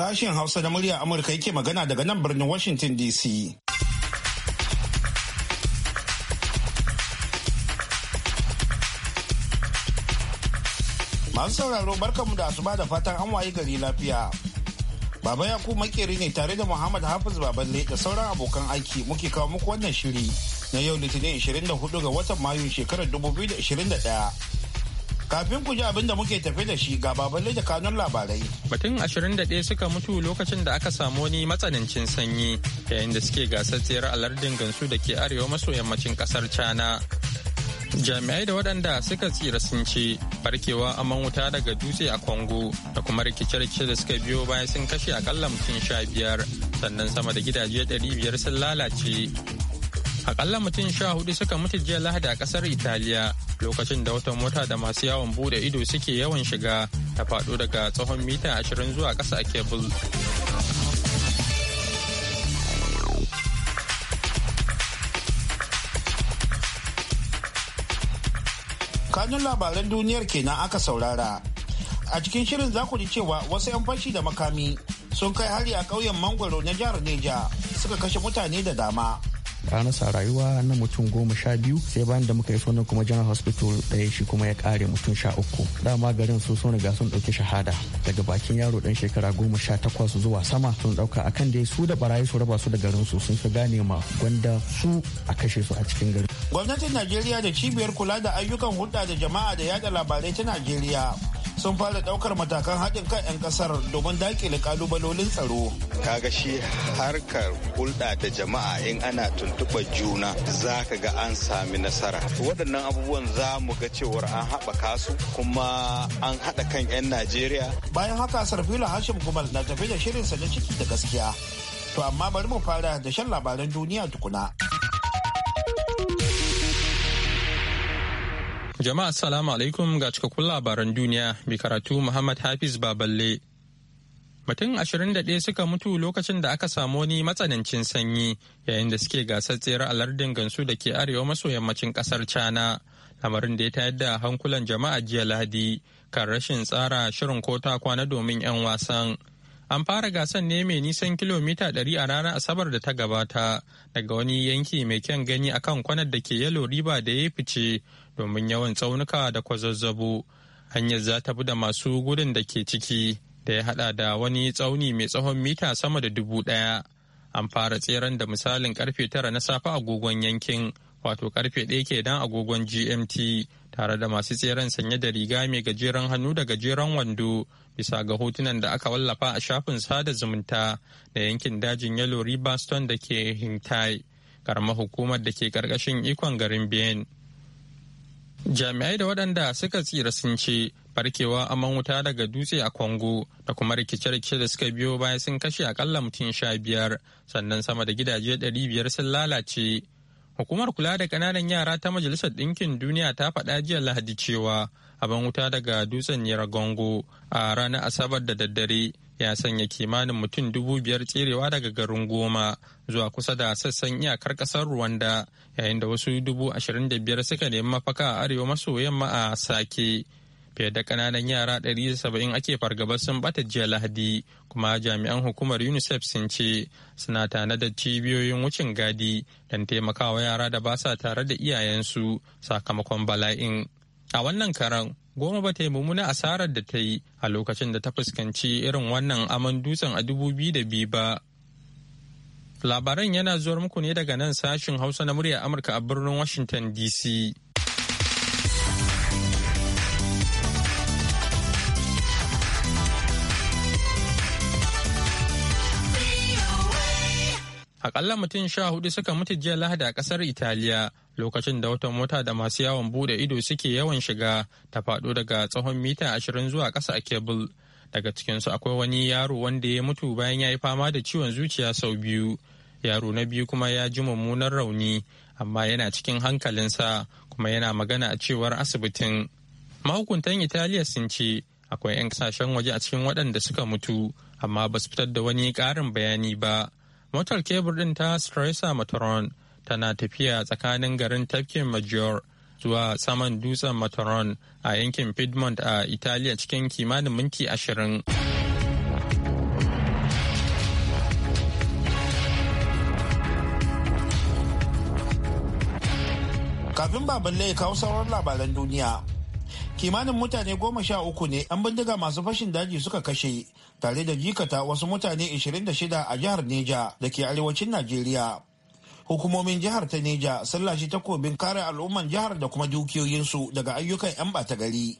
Sashen Hausa na murya Amurka yake magana daga nan birnin Washington DC. Masu sauraro barkanmu da asuba da fatan an wayi gari lafiya. Baba Yakubu makeri ne tare da Muhammad Hafiz Baballe da sauran abokan aiki muke kawo muku wannan shiri na yau Litinin 24 ga watan Mayu shekarar 2021. Kafin ku ji abin da muke tafi da shi ga babban da kanun labarai. Mutum 21 suka mutu lokacin da aka samu wani matsanancin sanyi yayin da suke gasar tsere a lardin gansu da ke arewa maso yammacin kasar China. Jami'ai da waɗanda suka tsira sun ce barkewa aman wuta daga dutse a Kongo, da kuma rikice-rikice da suka biyo bayan sun kashe akalla mutum sha biyar sannan sama da gidaje ɗari biyar sun lalace Akalla mutum sha hudu suka mutu jiya Lahadi a kasar Italiya lokacin da wata mota da masu yawon bude ido suke yawan shiga ta faɗo daga tsohon mita ashirin zuwa ƙasa a kebul. Kanun labaran duniyar kenan aka saurara. A cikin shirin za ku ji cewa wasu 'yan fashi da makami sun kai hari a ƙauyen Mangwaro na jihar Neja suka kashe mutane da dama. ranarsa rayuwa na mutum goma sha biyu sai bayan da muka yi nan kuma general hospital ɗaya shi kuma ya kare mutum sha uku dama garin su sun riga sun ɗauki shahada daga bakin yaro dan shekara goma sha takwas zuwa sama sun ɗauka akan dai su da barayi su raba su da garin su sun fi gane ma gwanda su a kashe su a cikin garin. gwamnatin najeriya da cibiyar kula da ayyukan hulɗa da jama'a da yada labarai ta najeriya sun fara daukar matakan haɗin kan 'yan ƙasar domin dakile kalubalolin tsaro. Kaga shi harkar hulɗa da jama'a in ana tuntuɓar juna za ka ga an sami nasara. Waɗannan abubuwan za mu ga cewar an haɓaka su kuma an haɗa kan 'yan Najeriya. Bayan haka Sarfila Hashim kumal na tafi da shirinsa na ciki da gaskiya. To amma bari mu fara da shan labaran duniya tukuna. Jama'a salamu alaikum ga cikakkun labaran duniya mai karatu Muhammad Hafiz Baballe. Mutum ashirin da 21 suka mutu lokacin da aka samu wani matsanancin sanyi yayin da suke gasar tsere a lardin gansu da ke arewa maso yammacin kasar cana Lamarin da ya tayar da hankulan jama'a jiya ladi kan rashin tsara shirin kota kwana domin 'yan wasan. An fara gasan ne mai nisan kilomita 100 a ranar Asabar da ta gabata daga wani yanki mai kyan gani akan kwanar da ke yalo riba da ya fice domin yawan tsaunuka da kwazazzabo. Hanyar za ta bi da masu gudun da ke ciki da ya hada da wani tsauni mai tsawon mita sama da dubu ɗaya. An fara tseren da misalin karfe tara na safe agogon yankin. wato karfe ɗaya ke dan agogon gmt tare da masu tseren sanye da riga mai gajeren hannu da gajeren wando bisa ga hotunan da aka wallafa a shafin sada zumunta da yankin dajin yellow ribaston da ke hintai karamar hukumar da ke karkashin ikon garin biyan jami'ai da waɗanda suka tsira sun ce barkewa aman wuta daga dutse a congo da kuma rikice-rikice da suka biyo baya sun kashe akalla mutum sha biyar sannan sama da gidaje ɗari biyar sun lalace Hukumar kula da kananan yara ta Majalisar Ɗinkin Duniya ta faɗa jiya Lahadi cewa abin wuta daga dutsen gongo a ranar Asabar da daddare ya sanya kimanin mutum dubu biyar tserewa daga garin goma zuwa kusa da sassan iyakar ƙasar Rwanda yayin da wasu dubu ashirin da biyar suka nemi mafaka a arewa maso yamma a Sake. fiye da kananan yara 170 ake fargaba sun bata jiya lahadi kuma jami'an hukumar unicef sun ce suna tanada cibiyoyin wucin gadi don taimakawa yara da ba sa tare da iyayensu sakamakon bala'in a wannan karan goma ba ta yi mummuna asarar da ta yi a lokacin da ta fuskanci irin wannan aman dutsen a dubu da biyu ba labaran yana zuwar muku ne daga nan sashin hausa na murya amurka a birnin washington dc Akalla mutum sha hudu suka mutu jiya Lahadi a kasar Italiya lokacin da wata mota da masu yawon bude ido suke yawan shiga ta faɗo daga tsawon mita ashirin zuwa ƙasa a kebul. Daga cikinsu akwai wani yaro wanda ya mutu bayan ya yi fama da ciwon zuciya sau biyu. Yaro na biyu kuma ya ji mummunar rauni amma yana cikin hankalinsa kuma yana magana a cewar asibitin. Mahukuntan Italiya sun ce akwai 'yan kasashen waje a cikin waɗanda suka mutu amma ba su fitar da wani ƙarin bayani ba. motar kebur ɗin ta stresa matron tana tafiya tsakanin garin tafkin major zuwa saman dutsen matron a yankin piedmont a italiya cikin kimanin minti ashirin. kafin babban ya kawo sauran labaran duniya kimanin mutane goma sha uku ne an bindiga masu fashin daji suka kashe tare da jikata wasu mutane 26 a jihar neja da ke arewacin najeriya hukumomin jihar ta neja sun lashe takobin kare al'umman jihar da kuma dukiyoyinsu daga ayyukan 'yan bata gari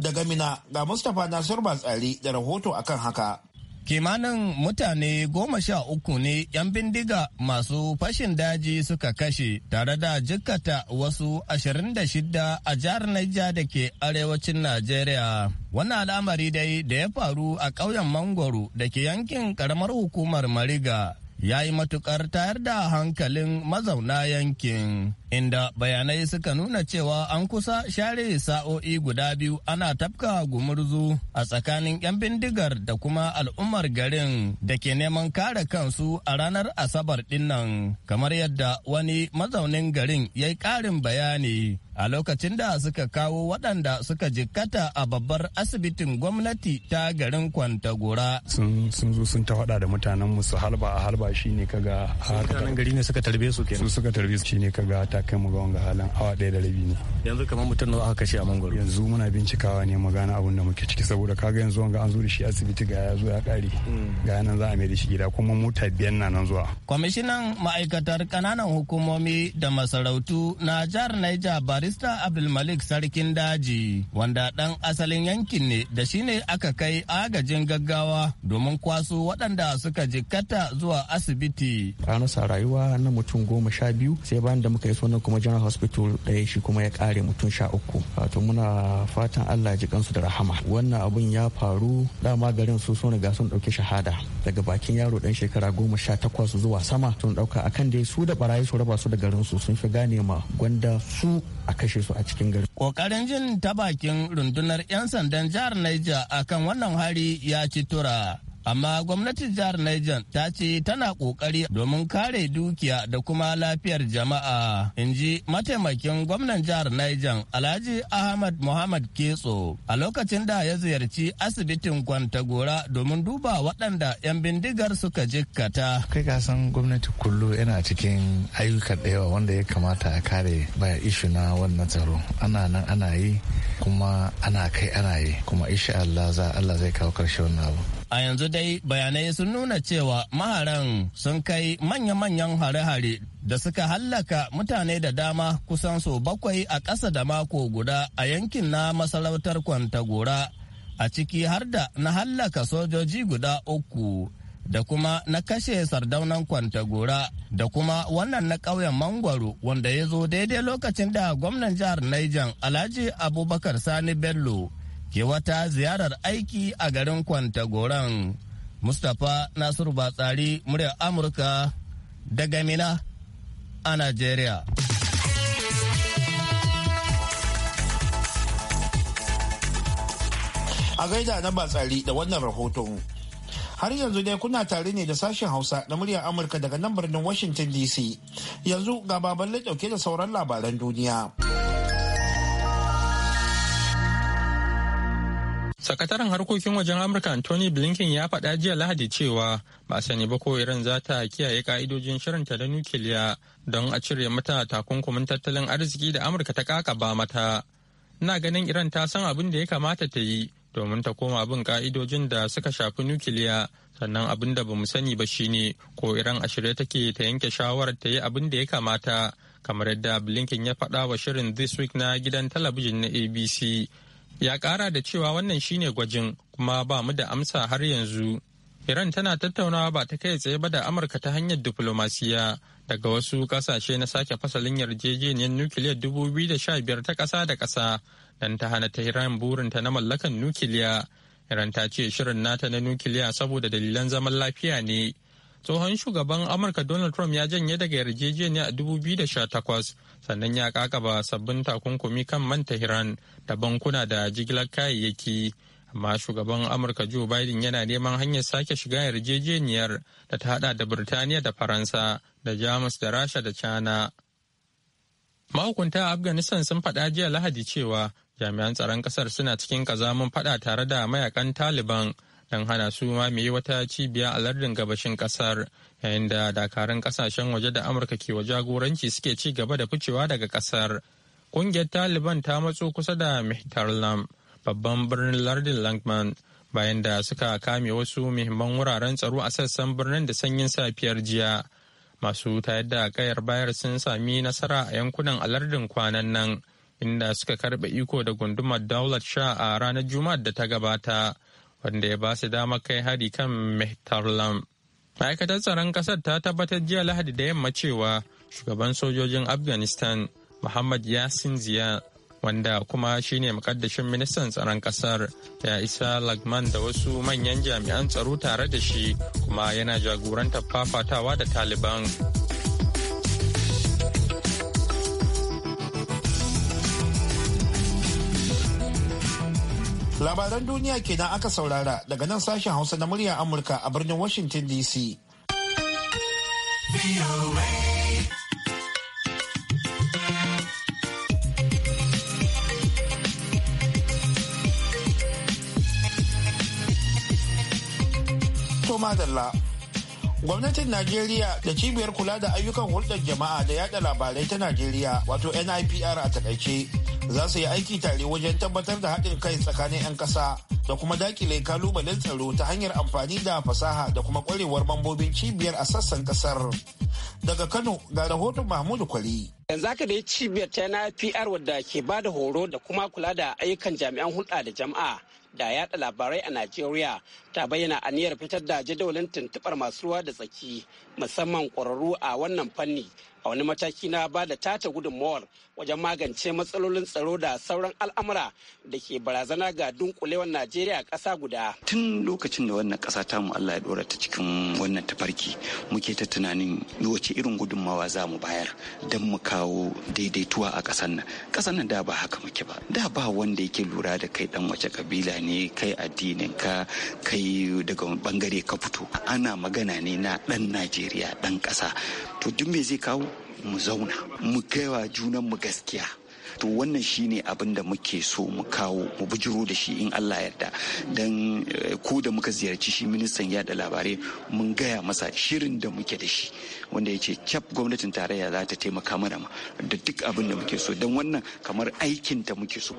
daga mina ga mustapha nasir batsari da rahoto akan haka kimanin mutane goma sha uku ne 'yan bindiga masu fashin daji suka kashe tare da jikkata wasu 26 a jihar Naija da ke arewacin Najeriya. Wannan al'amari dai da ya faru a ƙauyen Mangoro da ke yankin ƙaramar hukumar Mariga ya yi matukar tayar da hankalin mazauna yankin. inda bayanai suka nuna cewa an kusa share sa'o'i guda biyu ana tafka gumurzu a tsakanin 'yan bindigar da kuma al'ummar garin da ke neman kare kansu a ranar asabar dinnan kamar yadda wani mazaunin garin ya yi ƙarin bayani a lokacin da suka kawo waɗanda suka jikkata a babbar asibitin gwamnati ta garin kwantagora sun zo sun ta faɗa da mutanen musu halba a halba shine kaga mutanen gari ne suka tarbe su kenan su suka tarbe su shine kaga ta kai mu ga wanga halin awa ɗaya da rabi ne yanzu kamar mutum nawa aka kashe a mangoro yanzu muna bincikawa ne mu gane abin da muke ciki saboda kaga yanzu wanga an zo da shi asibiti ga ya zo ya kare mm. ga nan za a mai da shi gida kuma mota biyan na nan zuwa kwamishinan ma'aikatar kananan hukumomi da masarautu na jihar naija barista Abdulmalik sarkin daji wanda dan asalin yankin ne da shine aka kai agajin gaggawa domin kwaso waɗanda suka jikkata zuwa asibiti an rasa rayuwa na mutum goma sha biyu sai bayan da muka iso wannan kuma general hospital ɗaya shi kuma ya kare mutum sha uku wato muna fatan allah ji kansu da rahama wannan abun ya faru dama garin su sun riga sun ɗauki shahada daga bakin yaro dan shekara goma sha takwas zuwa sama sun ɗauka akan dai su da barayi su raba su da garin su sun fi gane ma gwanda su a kashe su a cikin garin. kokarin jin ta bakin rundunar 'yan sandan jihar Niger akan wannan hari ya ci tura amma gwamnatin jihar Niger ta ce tana kokari domin kare dukiya da kuma lafiyar jama'a in ji mataimakin gwamnan jihar Niger Alhaji Ahmad Muhammad Ketso a lokacin da ya ziyarci asibitin Kwantagora domin duba waɗanda 'yan bindigar suka jikkata. Kai ka san gwamnati kullu yana cikin ayyuka da yawa wanda ya kamata a kare baya ishu na wannan tsaro ana nan ana yi kuma ana kai ana yi kuma insha Allah za Allah zai kawo karshe wannan abu. A yanzu dai bayanai sun nuna cewa maharan sun kai manya-manyan hare-hare da suka hallaka mutane da dama kusan so bakwai a ƙasa da mako guda a yankin na masarautar Kwantagora, a ciki har da na hallaka sojoji guda uku. da kuma na kashe sardaunan kwantagora da kuma wannan na ƙauyen mangwaro wanda ya zo daidai lokacin da gwamnan jihar Niger Alhaji Abubakar Sani Bello ke wata ziyarar aiki a garin Kwantagoran. Mustapha Nasiru Batsari muryar Amurka daga Mina a Najeriya. A gaida na Batsari da wannan rahoton. Har yanzu dai kuna tare ne da sashen Hausa na muryar Amurka daga nan birnin Washington DC. Yanzu ga babban dauke da sauran labaran duniya. Sakataren harkokin wajen Amurka Anthony Blinken ya faɗa jiya Lahadi cewa ba sani ba ko Iran za ta kiyaye ka'idojin shirinta da nukiliya don a cire mata takunkumin tattalin arziki da Amurka ta kaka ba mata. Ina ganin Iran ta san abin da ya kamata ta yi domin ta koma bin ka'idojin da suka shafi nukiliya sannan abin da bamu sani ba shine ko Iran a shirye take ta yanke shawarar ta yi abin da ya kamata kamar yadda Blinken ya faɗa wa shirin This Week na gidan talabijin na ABC ya kara da cewa wannan shine gwajin kuma ba mu da amsa har yanzu iran tana tattaunawa ba ta kai tsaye ba da amurka ta hanyar diflomasiya daga wasu kasashe na sake fasalin yarjejeniyar nukiliyar biyar ta kasa da kasa dan ta hana iran burinta na mallakan nukiliya iran ta ce shirin nata na nukiliya saboda dalilan zaman lafiya ne tsohon shugaban amurka donald trump ya janye daga yarjejeniya a 2018 sannan ya kakaba sabbin takunkumi kan man tehran da bankuna da jigilar kayayyaki amma shugaban amurka joe biden yana neman hanyar sake shiga yarjejeniyar da ta hada da birtaniya da faransa da jamus da rasha da china mahukunta a afghanistan sun faɗa jiya lahadi cewa jami'an tsaron ƙasar suna cikin ƙazamin faɗa tare da mayakan taliban don hana su mamaye wata cibiya a lardin gabashin kasar yayin da dakarun kasashen waje da amurka ke wa jagoranci suke ci gaba da ficewa daga kasar kungiyar taliban ta matso kusa da mihtarlam babban birnin lardin langman bayan da suka kame wasu muhimman wuraren tsaro a sassan birnin da sanyin safiyar jiya masu tayar da kayar bayar sun sami nasara a yankunan alardin kwanan nan inda suka karbe iko da gundumar daular sha a ranar juma'ar da ta gabata wanda ya ba su dama kai hari kan mehtarlam ma'aikatar tsaron ƙasar ta tabbatar jiya lahadi da yamma cewa shugaban sojojin afghanistan muhammad yasin ziya wanda kuma shine makaddashin ministan tsaron kasar ya isa lagman da wasu manyan jami'an tsaro tare da shi kuma yana jagorantar fafatawa da taliban labaran duniya kenan aka saurara daga nan sashen hausa na murya amurka a birnin washington dc madalla gwamnatin najeriya da cibiyar kula da ayyukan hulɗar jama'a da yaɗa labarai ta najeriya wato nipr a takaice za su yi aiki tare wajen tabbatar da haɗin kai tsakanin 'yan ƙasa da kuma dakile kalubalen tsaro ta hanyar amfani da fasaha da kuma ƙwarewar mambobin cibiyar a sassan ƙasar. Daga Kano ga rahoton Mahmudu Kwali. Yanzu haka da cibiyar ta na PR wadda ke ba da horo da kuma kula da ayyukan jami'an hulɗa da jama'a da yaɗa labarai a Najeriya ta bayyana a niyyar fitar da jadawalin tuntuɓar masu ruwa da tsaki musamman ƙwararru a wannan fanni a wani mataki na ba da tata gudunmawar wajen magance matsalolin tsaro da sauran al'amura da ke barazana ga dunkulewar najeriya ƙasa guda tun lokacin da wannan ƙasa ta mu allah ya dora ta cikin wannan tafarki muke ta tunanin wace irin gudunmawa za mu bayar don mu kawo daidaituwa a ƙasar nan ƙasar nan da ba haka muke ba da ba wanda yake lura da kai dan wace kabila ne kai addinin ka kai daga bangare ka fito ana magana ne na dan najeriya dan ƙasa to duk me zai kawo mu zauna mu kaiwa junan mu gaskiya to wannan shine abin da muke so mu kawo mu bujiro da shi in Allah yarda dan eh, ko da muka ziyarci shi ministan yada labarai mun gaya masa shirin da muke da shi wanda ya ce cap gwamnatin tarayya za ta taimaka mana da duk abin da muke so don wannan kamar aikin ta muke so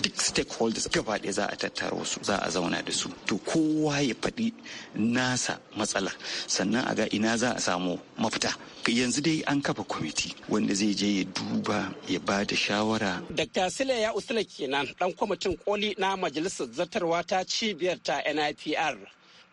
duk stakeholders gaba ɗaya za a tattara wasu za a zauna da su to kowa ya faɗi nasa matsala sannan a ga ina za a samu mafita yanzu dai an kafa kwamiti wanda zai je ya duba ya ba da shawara shawara. Dr. Sile ya usula kenan dan kwamitin koli na majalisar zartarwa ta cibiyar ta NIPR.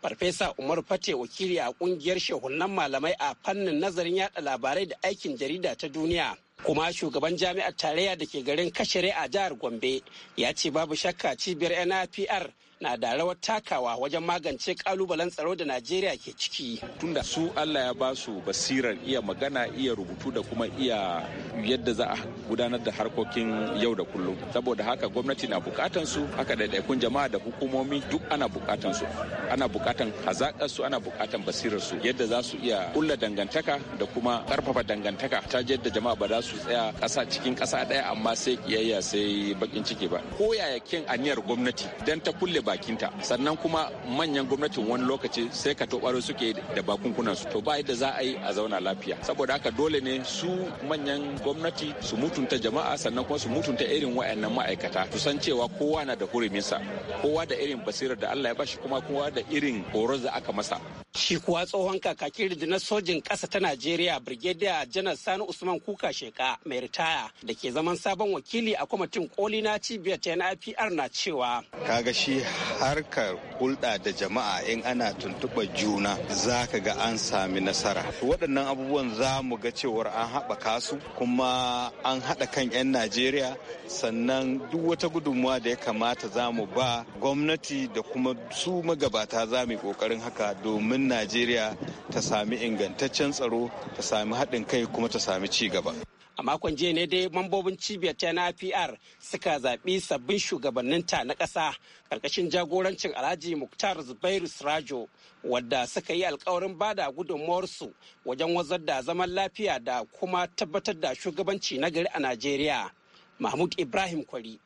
Farfesa Umar Fate wakili a kungiyar shehunan malamai a fannin nazarin yada labarai da aikin jarida ta duniya. kuma shugaban jami'ar tarayya da ke garin kashere a jihar gombe ya ce babu shakka cibiyar NIPR. na da rawar takawa wajen magance kalubalen tsaro da Najeriya ke ciki. Tunda su Allah ya ba su basirar iya magana, iya rubutu da kuma iya yadda za a gudanar da harkokin yau da kullum. Saboda haka gwamnati na bukatan su, haka ɗaiɗaikun jama'a da hukumomi duk ana bukatan su. Ana bukatan hazakar su, ana bukatan basirar su, yadda za su iya kulla dangantaka da kuma karfafa dangantaka ta yadda jama'a ba za su tsaya ƙasa cikin kasa ɗaya amma sai kiyayya sai bakin ciki ba. Ko yaya kin aniyar gwamnati dan ta kulle bakinta sannan kuma manyan gwamnatin wani lokaci sai ka tobaro suke da bakunkunan su to ba yadda za a yi a zauna lafiya saboda haka dole ne su manyan gwamnati su mutunta jama'a sannan kuma su mutunta irin wayannan ma'aikata su san cewa kowa na da huruminsa kowa da irin basirar da Allah ya bashi kuma kowa da irin horon da aka masa Shi kuwa tsohon kakakin rundunar sojin ƙasa ta Najeriya Brigadier Janar Sani Usman Kuka Sheka mai ritaya da ke zaman sabon wakili a kwamitin koli na cibiyar ta NIPR na cewa. Kaga shi harkar hulɗa da jama'a in ana tuntuɓa juna za ka ga an sami nasara. Waɗannan abubuwan za mu ga cewar an haɓaka su kuma an haɗa kan 'yan Najeriya sannan duk wata gudunmuwa da ya kamata za mu ba gwamnati da kuma su magabata za mu yi ƙoƙarin haka domin najeriya ta sami ingantaccen tsaro ta sami haɗin kai kuma ta sami ci gaba a makon jiya ne dai mambobin cibiyar ta na pr suka zaɓi sabbin shugabanninta na ƙasa ƙarƙashin jagorancin alhaji muktar zubairu sirajo wadda suka yi alkawarin bada gudunmuwarsu wajen wazar da zaman lafiya da kuma tabbatar da shugabanci na gari a najeriya mahmud ibrahim kwari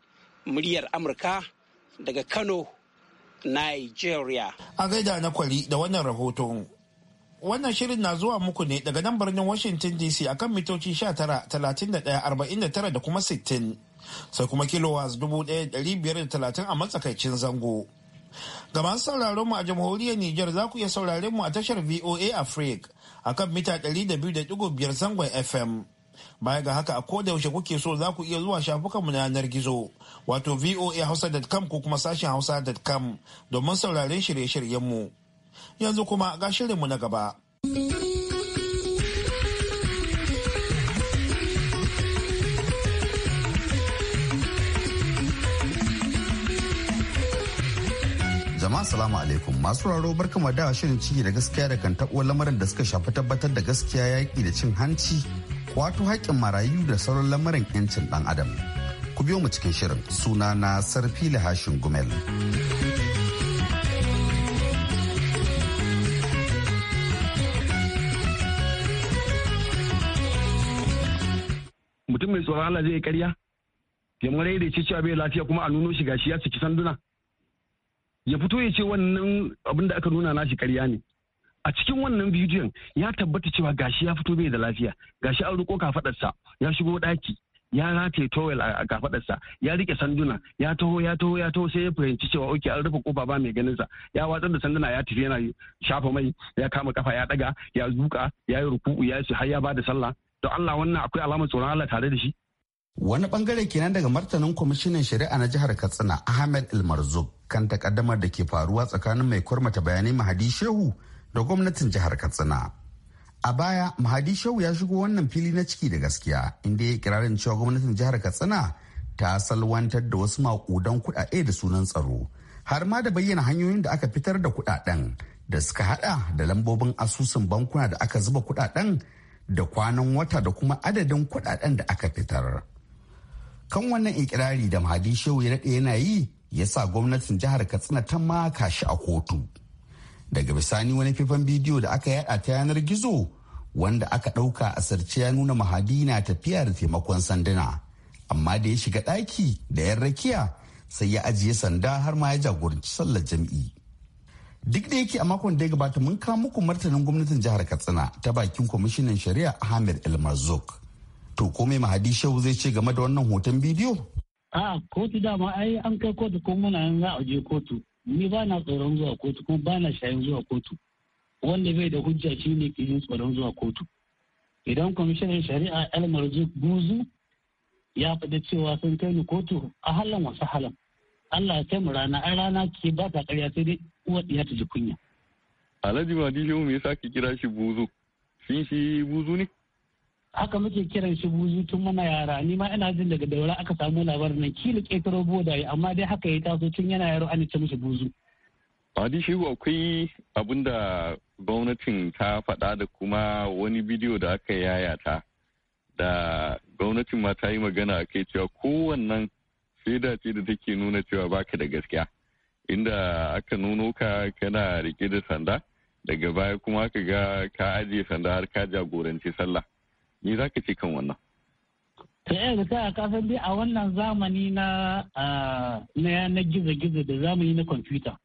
muryar amurka daga kano Nigeria. A gaida na kwali da wannan rahoto Wannan shirin na zuwa muku ne daga nan birnin Washington DC akan mitoci 19, 31, 49 da kuma 60. Sai kuma kilowatts 1530 a matsakaicin zango. Ga masu sauraron mu a jamhuriyar Nijar za ku iya sauraron mu a tashar VOA Africa akan mita 200.5 zangon FM. Baya ga haka a koda yaushe kuke so za ku iya zuwa shafukanmu na yanar gizo wato voahausa.com ko kuma sashen hausa.com domin sauraren shirye-shiryenmu. Yanzu kuma ga shirinmu na gaba. jama'a salamu alaikum masu raro barkama da shirin ciki da gaskiya da kan lamarin da suka shafi tabbatar da gaskiya yaƙi da cin hanci kwato haƙƙin marayu da sauran lamarin 'yancin ɗan adam ku biyo mu cikin shirin suna na sarfi lahashin gumel mutum mai tsoron Allah zai karya ya mara da ce cewa bai lafiya kuma a nuno shi gashi ya ciki sanduna ya fito ya ce wannan abin da aka nuna nashi karya ne a cikin wannan bidiyon ya tabbata cewa gashi ya fito bai da lafiya gashi an riko kafadarsa ya shigo daki ya rataye towel a kafadarsa ya rike sanduna ya taho ya taho ya taho sai ya fahimci cewa oke an rufe kofa ba mai ganin sa ya watsar da sanduna ya tafi yana shafa mai ya kama kafa ya daga ya zuka ya yi ruku'u ya yi har ya bada sallah to Allah wannan akwai alamar tsoron Allah tare da shi wani bangare kenan daga martanin kwamishinan shari'a na jihar Katsina Ahmed ilmarzo kan takaddamar da ke faruwa tsakanin mai kwarmata bayanai Mahadi Shehu da gwamnatin jihar katsina a baya mahadi shehu ya shigo wannan fili na ciki da gaskiya inda ya kirarin cewa gwamnatin jihar katsina ta salwantar da wasu maƙudan kuɗaɗe da sunan tsaro har ma da bayyana hanyoyin da aka fitar da kuɗaɗen da suka haɗa, da lambobin asusun bankuna da aka zuba kuɗaɗen da kwanan wata da kuma adadin kuɗaɗen da aka fitar kan wannan ikirari da mahadi shehu ya daɗe yana yi ya sa gwamnatin jihar katsina ta maka shi a kotu daga bisani wani faifan bidiyo da aka yada ta yanar gizo wanda aka ɗauka a sarce ya nuna mahadi na tafiya da taimakon sanduna amma da ya shiga ɗaki da yan rakiya sai ya ajiye sanda har ma ya jagoranci sallar jami'i. duk da yake a makon da ya gabata mun kawo muku martanin gwamnatin jihar katsina ta bakin kwamishinan shari'a ahmed el to ko mai mahadi shehu zai ce game da wannan hoton bidiyo a kotu dama ai an kai kotu ko muna za a je kotu ni ba na tsoron zuwa kotu kuma ba na shayin zuwa kotu wanda bai da hujja shi ne ke yin tsoron zuwa kotu idan kwamishinan shari'a almarzu buzu ya faɗi cewa sun kai ni kotu a halan wasu halan allah ya kai mu rana an rana ke ba ta karya sai dai uwa ɗiya ta ji kunya alhaji madili mu yasa sake kira shi buzu shin shi buzu ne haka muke kiran shi buzu tun muna yara ni ma ina jin daga daura aka samu labarin nan kila ƙetaro boda amma dai haka ya taso tun yana yaro an ce mishi buzu Hadi Shehu akwai abin da gwamnatin ta faɗa da kuma wani bidiyo da aka yayata da gwamnatin ma ta yi magana a kai cewa kowannan shaida ce da take nuna cewa baka da gaskiya inda aka nuno ka kana rike da sanda daga baya kuma ka ga ka ajiye sanda har ka jagoranci sallah me za ka ce kan wannan ta yi eh, da ta kasan dai a wannan zamani na na yanar gizo-gizo da zamani na kwamfuta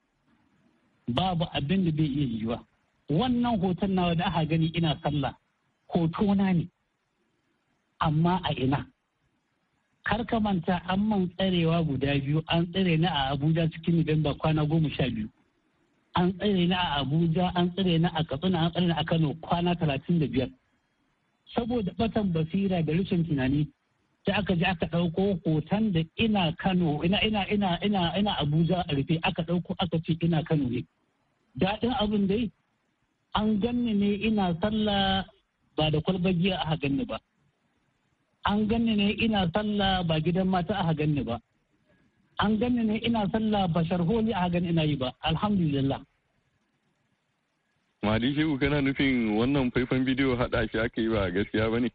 babu abin da bai iya yiwa wannan hoton nawa da aka gani ina sallah hoto na ne amma a ina kar ka manta an man tsarewa guda biyu an tsare ni a abuja cikin nuwamba kwana goma sha biyu an tsare ni a abuja an tsare ni a katsina an tsare ni a kano kwana talatin da biyar saboda batan basira da rashin tunani sai aka je aka ɗauko hoton da ina Kano ina ina ina ina ina Abuja a rufe aka ɗauko aka ce ina Kano ne daɗin abin dai an ganni ne ina sallah ba da kwalbar giya a ganni ba an ganni ne ina sallah ba gidan mata a ganni ba an ganni ne ina sallah ba sharholi a ganni ina yi ba alhamdulillah Ali Shehu kana nufin wannan faifan bidiyo haɗa shi aka yi ba gaskiya ba ne?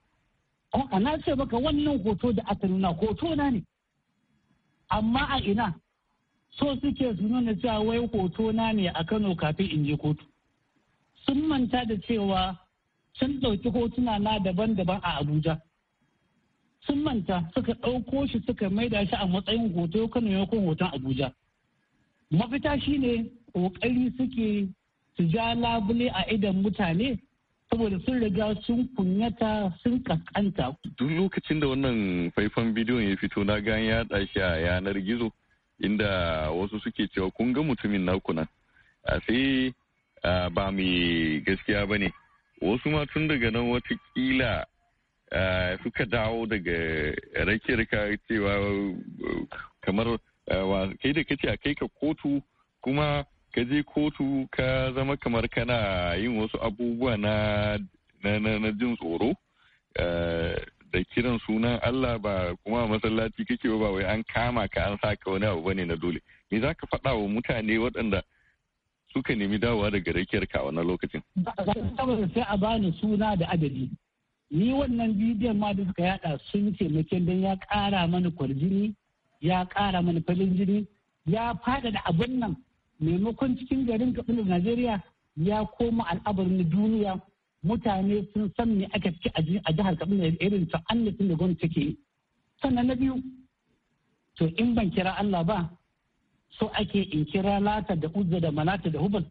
A'a na ce maka wannan hoto da aka nuna hoto na ne. Amma a ina so suke su nuna cewa wai hoto na ne a Kano kafin in je kotu. Sun manta da cewa sun ɗauki hotuna na daban-daban a Abuja. Sun manta suka ɗauko shi suka maida shi a matsayin hoto Kano yakon hoton Abuja. Mafita shine ƙoƙari suke su ja labule a idan mutane saboda sun riga sun kunyata sun kankanta. Duk lokacin da wannan faifan bidiyon ya fito na gan ya shi a yanar gizo inda wasu suke cewa kun ga mutumin naku nan. A sai ba mai gaskiya ba ne. Wasu ma tun daga nan watakila suka dawo daga rake rika cewa kamar kai da kace a kai ka kotu kuma ka je kotu ka zama kamar kana yin wasu abubuwa na na jin tsoro eh, da kiran sunan Allah ba kuma masallaci kake ba wai an kama ka an saka wani abu bane na dole me za ka faɗa wa mutane waɗanda suka nemi dawowa daga rakiyar ka wannan lokacin sai a bani suna da adadi ni wannan bidiyon ma da suka yada sun ce maken dan ya ƙara mana kwarjini ya ƙara mana falin jini ya da abin nan maimakon cikin garin da najeriya ya koma al'abarin duniya mutane sun san me aka fi a jihar da irin ta annabin da gwamnati take sannan na biyu to in ban kira allah ba so ake in kira lata da uzza da malata da hubal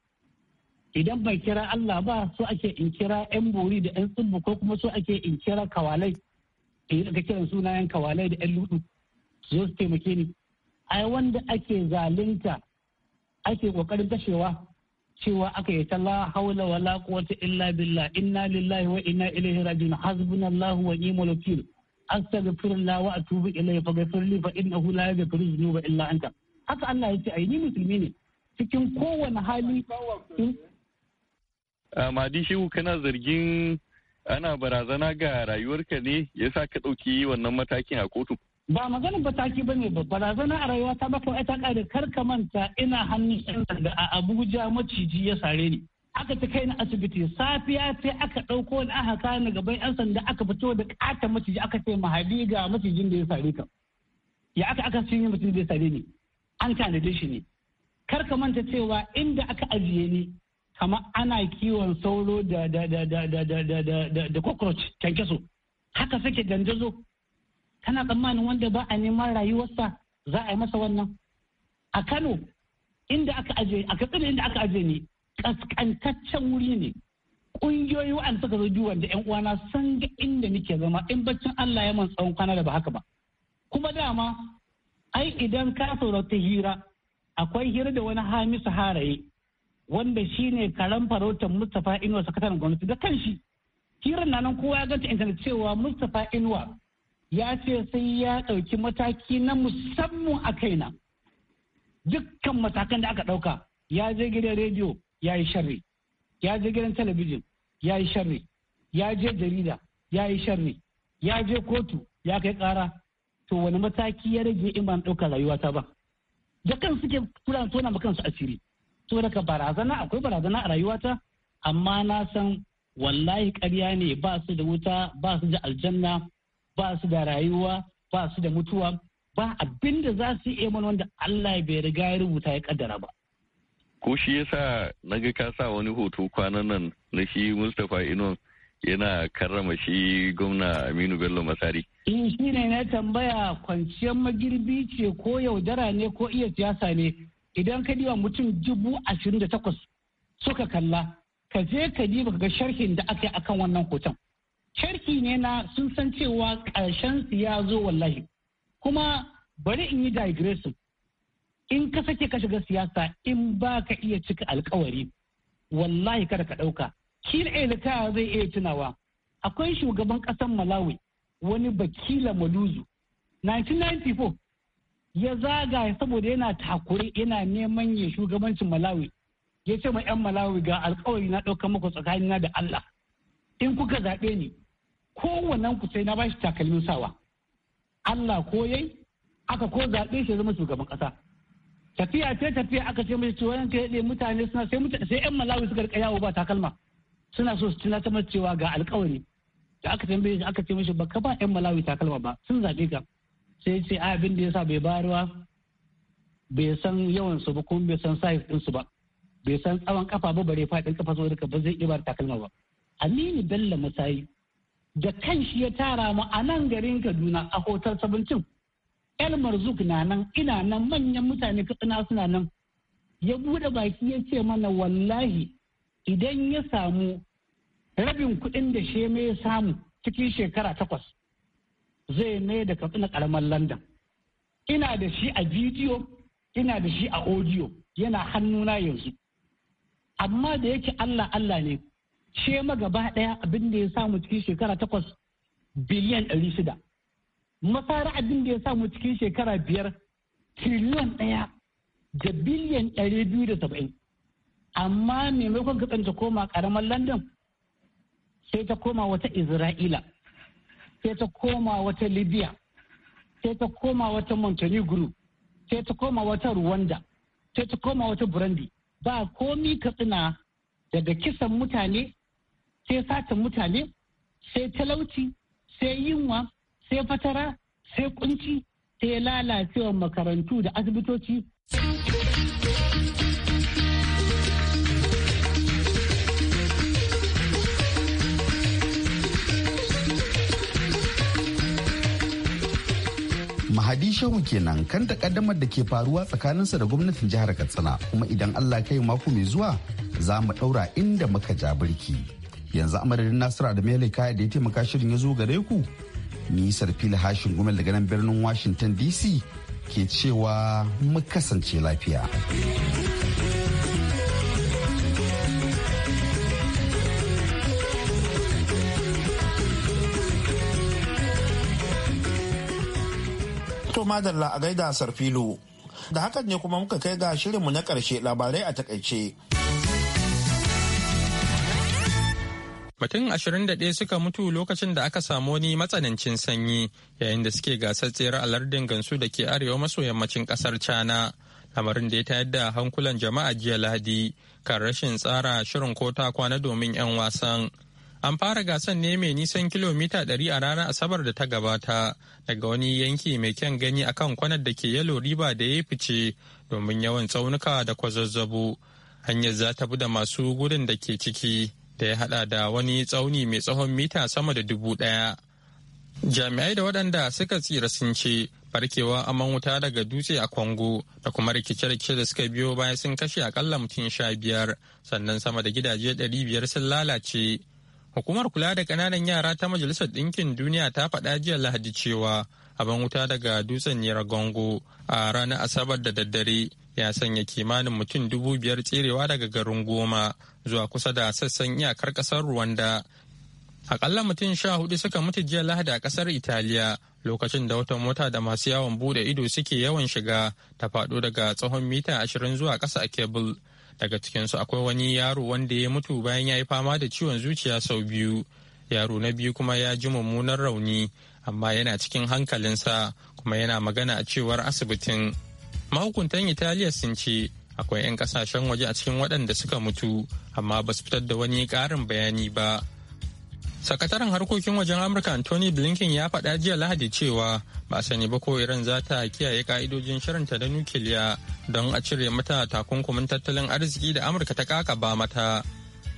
idan ban kira allah ba so ake in kira yan bori da yan tsibbu ko kuma so ake in kira kawalai in eh, ga kiran sunayen kawalai da yan ludu zo su taimake ni ai wanda ake zalunta ake kokarin kashewa cewa aka yi ta la haula wa la quwwata illa billah inna lillahi wa inna ilaihi rajiun hasbunallahu wa ni'mal wakeel astaghfirullah wa atubu ilayhi ghafir li fa innahu la yaghfiru dhunuba illa anta haka Allah yace ai ni musulmi ne cikin kowane hali hmm? ah, Madi Shehu kana zargin ana barazana ga rayuwarka ne yasa ka ɗauki wannan matakin a kotu? ba magana ba taki bane ba barazana a rayuwa ta bako ita ta kare kar ka manta ina hannun yan sanda a Abuja maciji ya sare ni aka ta kai ni asibiti safiya sai aka dauko ni aka kawo ni gaban yan sanda aka fito da kata maciji aka ce mahadi ga macijin da ya sare ka ya aka aka cinye mutum da ya sare ni an tanade shi ne kar ka manta cewa inda aka ajiye ni kama ana kiwon sauro da da da da da da da da da da kyankyaso haka da dandazo kana tsammanin wanda ba a neman rayuwarsa za a yi masa wannan a kano inda aka aje a katsina inda aka aje ne kaskantaccen wuri ne ƙungiyoyi wa'an suka zo biyu da yan uwana san ga inda nake zama in baccin Allah ya man tsawon kwana da ba haka ba kuma dama ai idan ka saurata hira akwai hira da wani hamisu haraye wanda shine karen farautar Mustapha Inuwa sakataren gwamnati da kanshi hirar na nan kowa ya ganta intanet cewa Mustapha Inuwa ya ce sai ya ɗauki mataki na musamman a kaina dukkan matakan da aka ɗauka ya je gidan rediyo ya yi sharri ya je gidan talabijin ya yi sharri ya je jarida ya yi sharri ya je kotu ya kai ƙara to wani mataki ya rage in ba ɗauka rayuwata ba da kan suke tura tona kansu asiri to daga barazana akwai barazana a rayuwata amma na san wallahi ƙarya ne ba su da wuta ba su da aljanna ba su da rayuwa ba su da mutuwa ba abin da za su iya mana wanda Allah bai riga ya rubuta ya kaddara ba. Ko shi yasa na ga ka sa wani hoto kwanan nan na shi Mustapha Inon yana karrama shi gwamna Aminu Bello Masari. In eh, shi ne na tambaya kwanciyar magirbi ce ko yaudara ne ko iya siyasa ne idan ka diba mutum dubu ashirin da takwas suka kalla ka je ka diba ga sharhin da aka yi akan wannan hoton. sharki ne na sun san cewa ƙarshen su ya zo wallahi kuma bari in yi digressive in ka sake ka shiga siyasa in ba ka iya cika alkawari wallahi kada ka ɗauka kila elika zai iya tunawa akwai shugaban ƙasar malawi wani bakila maluzu 1994 ya zaga saboda yana takure yana neman ya shugabancin malawi ya ce ma 'yan malawi ga alkawari na ɗaukar muku tsakanina da allah in kuka zaɓe ni kowannen ku sai na bashi takalmin sawa Allah ko yai aka ko zaɓe shi zama shugaban ƙasa tafiya ce tafiya aka ce mai cewa yanka yaɗe mutane suna sai mutane sai yan malawi suka rika yawo ba takalma suna so su tunatar mace cewa ga alƙawari da aka tambaye shi aka ce ba ka ba yan malawi takalma ba sun zaɓe ka sai ce a abin da yasa bai bayarwa bai san yawan su ba kuma bai san size su ba bai san tsawon kafa ba bare faɗin kafa so ba zai iya da takalma ba aminu bello musayi da kan shi ya tara mu a nan garin kaduna a hotel 17 Elmar marzuk na nan ina nan manyan mutane katsina suna nan ya bude baki ya ce mana wallahi idan ya samu rabin kuɗin da sheme ya samu cikin shekara takwas zai mai da katsina karamar london ina da shi a bidiyo ina da shi a audio yana hannuna yanzu amma da yake allah allah ne ce ma gaba ɗaya abin da ya samu cikin shekara takwas biliyan ɗari shida. Masara abin da ya samu cikin shekara biyar triliyon ɗaya da biliyan ɗari biyu da saba'in. Amma maimakon katsan ta koma ƙaramar London sai ta koma wata Isra'ila, sai ta koma wata Libya, sai ta koma wata Montenegro, sai ta koma wata Rwanda, sai ta koma wata Burundi. Ba komi katsina daga kisan mutane sai satan mutane sai talauci sai yunwa sai fatara sai kunci sai lalacewar makarantu da asibitoci Mahadi Shehu kenan kan takaddamar da ke faruwa tsakaninsa da gwamnatin jihar Katsina kuma idan Allah kai mako mai zuwa za mu ɗaura inda muka ja birki. yanzu amadadin nasiru adamele kaya da ya taimaka shirin ya zo gare ku ni sarfila hashin gumel daga nan birnin washington dc ke cewa mu kasance lafiya to madalla a gaida sarfilo da hakan ne kuma muka kai ga shirinmu na karshe labarai a takaice. Mutum 21 suka mutu lokacin da aka samu wani matsanancin sanyi yayin da suke gasar tsere a lardin gansu da ke arewa maso yammacin kasar China. Lamarin da ya tayar da hankulan jama'a jiya Lahadi kan rashin tsara shirin kota kwana domin 'yan wasan. An fara gasar ne mai nisan kilomita 100 a ranar Asabar da ta gabata daga wani yanki mai kyan gani akan kwanar da ke yalo riba da ya fice domin yawan tsaunuka da kwazazzabo. Hanyar za ta bi da masu gudun da ke ciki. da ya hada da wani tsauni mai tsawon mita sama da dubu ɗaya. Jami'ai da waɗanda suka tsira sun ce barkewa aman wuta daga dutse a Congo da kuma rikice-rikice da suka biyo bayan sun kashe akalla mutum sha biyar sannan sama da gidaje ɗari biyar sun lalace. Hukumar kula da ƙananan yara ta Majalisar Ɗinkin Duniya ta faɗa jiya Lahadi cewa abin wuta daga dutsen Gongo a ranar Asabar da daddare ya sanya kimanin mutum dubu biyar tserewa daga garin goma zuwa kusa da sassan iyakar kasar Rwanda. Akalla mutum sha hudu suka mutu jiya Lahadi a kasar Italiya lokacin da wata mota da masu yawon bude ido suke yawan shiga ta faɗo daga tsohon mita ashirin zuwa ƙasa a kebul. Daga cikinsu akwai wani yaro wanda ya mutu bayan ya yi fama da ciwon zuciya sau biyu. Yaro na biyu kuma ya ji mummunar rauni amma yana cikin hankalinsa kuma yana magana a cewar asibitin. Mahukuntan Italiya sun ce akwai 'yan kasashen waje a cikin waɗanda suka mutu amma ba su fitar da wani ƙarin bayani ba sakataren harkokin wajen amurka anthony blinken ya faɗa jiya lahadi cewa ba a sani ba ko iran za ta kiyaye ka'idojin shirinta da nukiliya don a cire mata takunkumin tattalin arziki da amurka ta kaka ba mata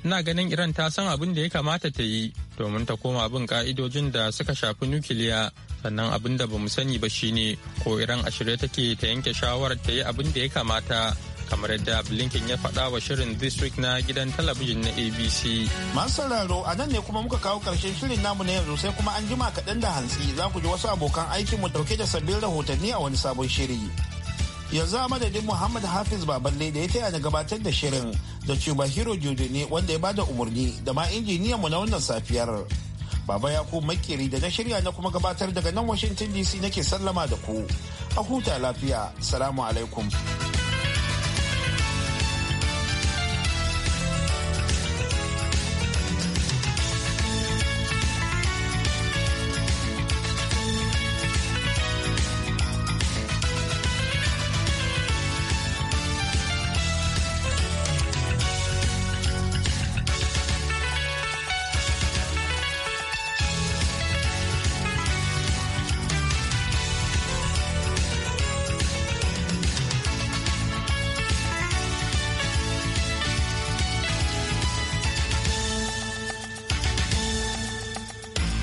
ina ganin iran ta san abin da ya kamata ta yi domin ta koma bin ka'idojin da suka shafi nukiliya sannan abin da ba mu sani ba shine ko iran a shirye take ta yanke shawarar ta yi abin da ya kamata kamar yadda blinken ya faɗa wa shirin this week na gidan talabijin na abc masu sauraro a nan ne kuma muka kawo ƙarshen shirin namu na yanzu sai kuma an jima kaɗan da hantsi za ku ji wasu abokan aikin mu ɗauke da sabbin rahotanni a wani sabon shiri yanzu a madadin muhammad hafiz baballe da ya taya na gabatar da shirin da cuba hero ne wanda ya bada umarni da ma injiniyan mu na wannan safiyar baba yaku makeri da na shirya na kuma gabatar daga nan washington dc nake sallama da ku a huta lafiya salamu alaikum